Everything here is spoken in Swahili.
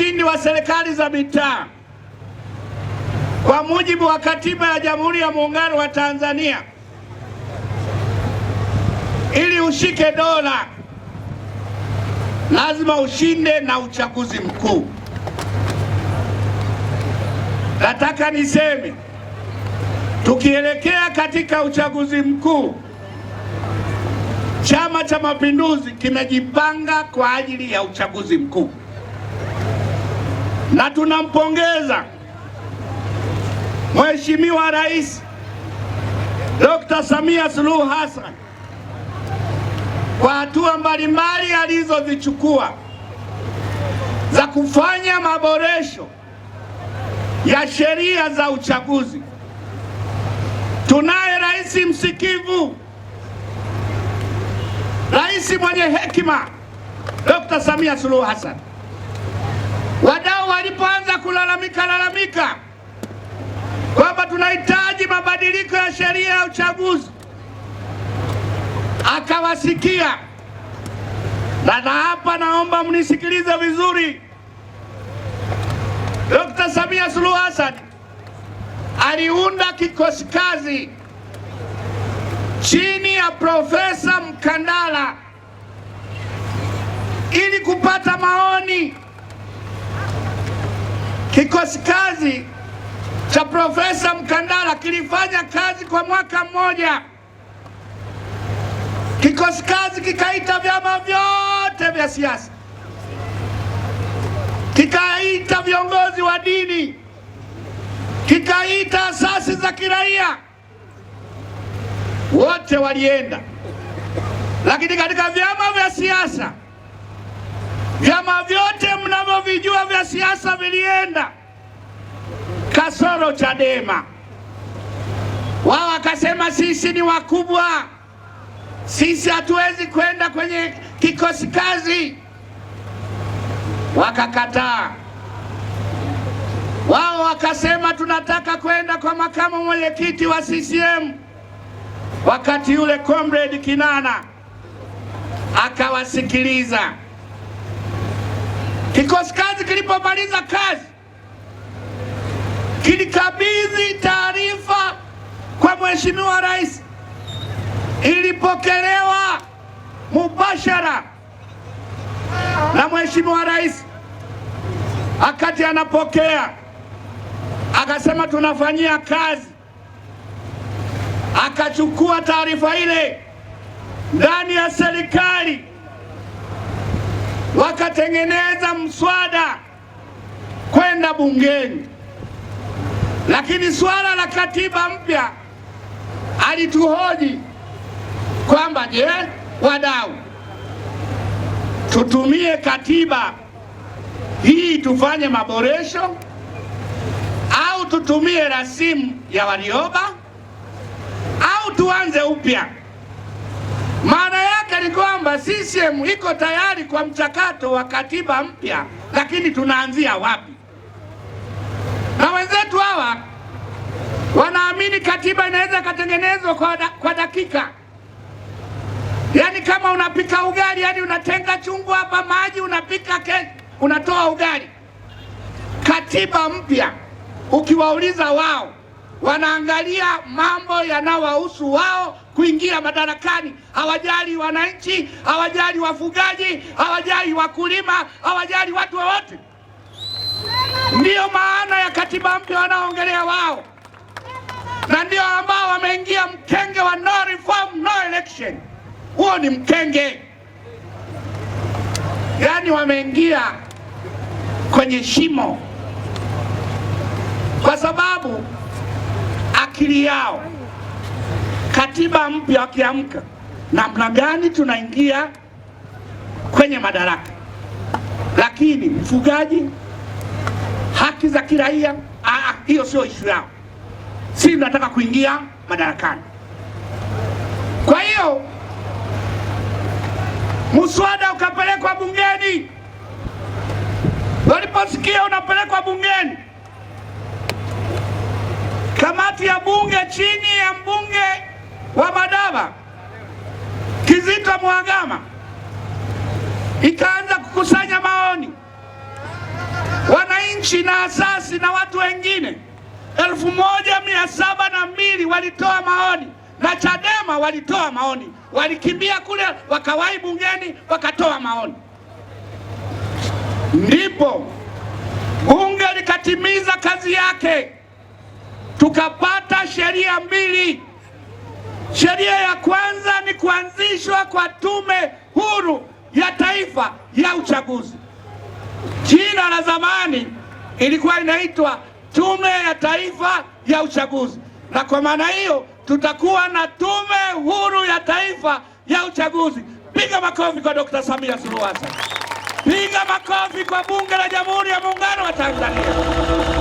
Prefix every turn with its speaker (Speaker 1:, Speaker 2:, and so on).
Speaker 1: ushindi wa serikali za mitaa kwa mujibu wa katiba ya Jamhuri ya Muungano wa Tanzania. Ili ushike dola, lazima ushinde na uchaguzi mkuu. Nataka niseme tukielekea katika uchaguzi mkuu, Chama cha Mapinduzi kimejipanga kwa ajili ya uchaguzi mkuu na tunampongeza Mheshimiwa Rais Dr. Samia Suluhu Hassan kwa hatua mbalimbali alizozichukua za kufanya maboresho ya sheria za uchaguzi. Tunaye rais msikivu, rais mwenye hekima Dr. Samia Suluhu Hassan walipoanza kulalamika lalamika kwamba tunahitaji mabadiliko ya sheria ya uchaguzi, akawasikia. Na na hapa naomba mnisikilize vizuri, Dkt. Samia Suluhu Hassan aliunda kikosi kazi chini ya Profesa Mkandala ili kupata maoni Kikosi kazi cha Profesa Mkandala kilifanya kazi kwa mwaka mmoja. Kikosi kazi kikaita vyama vyote vya siasa, kikaita viongozi wa dini, kikaita asasi za kiraia, wote walienda. Lakini katika vyama vya siasa, vyama vyote mdororo Chadema, wao wakasema sisi ni wakubwa, sisi hatuwezi kwenda kwenye kikosi kazi, wakakataa. Wao wakasema tunataka kwenda kwa makamu mwenyekiti wa CCM, wakati yule comrade Kinana akawasikiliza. Kikosi kazi kilipomaliza kazi kilikabidhi taarifa kwa Mheshimiwa Rais, ilipokelewa mubashara na Mheshimiwa Rais. Wakati anapokea akasema tunafanyia kazi, akachukua taarifa ile ndani ya serikali wakatengeneza mswada kwenda bungeni. Lakini swala la katiba mpya alituhoji kwamba je, wadau, tutumie katiba hii tufanye maboresho au tutumie rasimu ya Warioba au tuanze upya? Maana yake ni kwamba CCM iko tayari kwa mchakato wa katiba mpya, lakini tunaanzia wapi? na wenzetu hawa wanaamini katiba inaweza ikatengenezwa kwa, da, kwa dakika yaani kama unapika ugali yani unatenga chungu hapa maji unapika ke, unatoa ugali. Katiba mpya ukiwauliza wao wanaangalia mambo yanayowahusu wao kuingia madarakani. Hawajali wananchi, hawajali wafugaji, hawajali wakulima, hawajali watu wowote. Ndiyo maana ya katiba mpya wanaoongelea wao, na ndio ambao wameingia mkenge wa no reform no election. Huo ni mkenge, yaani wameingia kwenye shimo, kwa sababu akili yao katiba mpya wakiamka, namna gani tunaingia kwenye madaraka, lakini mfugaji haki za kiraia, ah, ah, hiyo sio ishu yao. Si nataka kuingia madarakani. Kwa hiyo mswada ukapelekwa bungeni, waliposikia unapelekwa bungeni, kamati ya bunge chini ya mbunge wa Madaba Kizito Mwagama ikaanza kukusanya maoni wananchi na asasi na watu wengine elfu moja mia saba na mbili walitoa maoni na Chadema walitoa maoni, walikimbia kule wakawahi bungeni wakatoa maoni, ndipo bunge likatimiza kazi yake, tukapata sheria mbili. Sheria ya kwanza ni kuanzishwa kwa tume huru ya taifa ya uchaguzi. Jina la zamani ilikuwa inaitwa Tume ya Taifa ya Uchaguzi, na kwa maana hiyo tutakuwa na Tume Huru ya Taifa ya Uchaguzi. Piga makofi kwa Dr. Samia Suluhu Hassan, piga makofi kwa Bunge la Jamhuri ya Muungano wa Tanzania.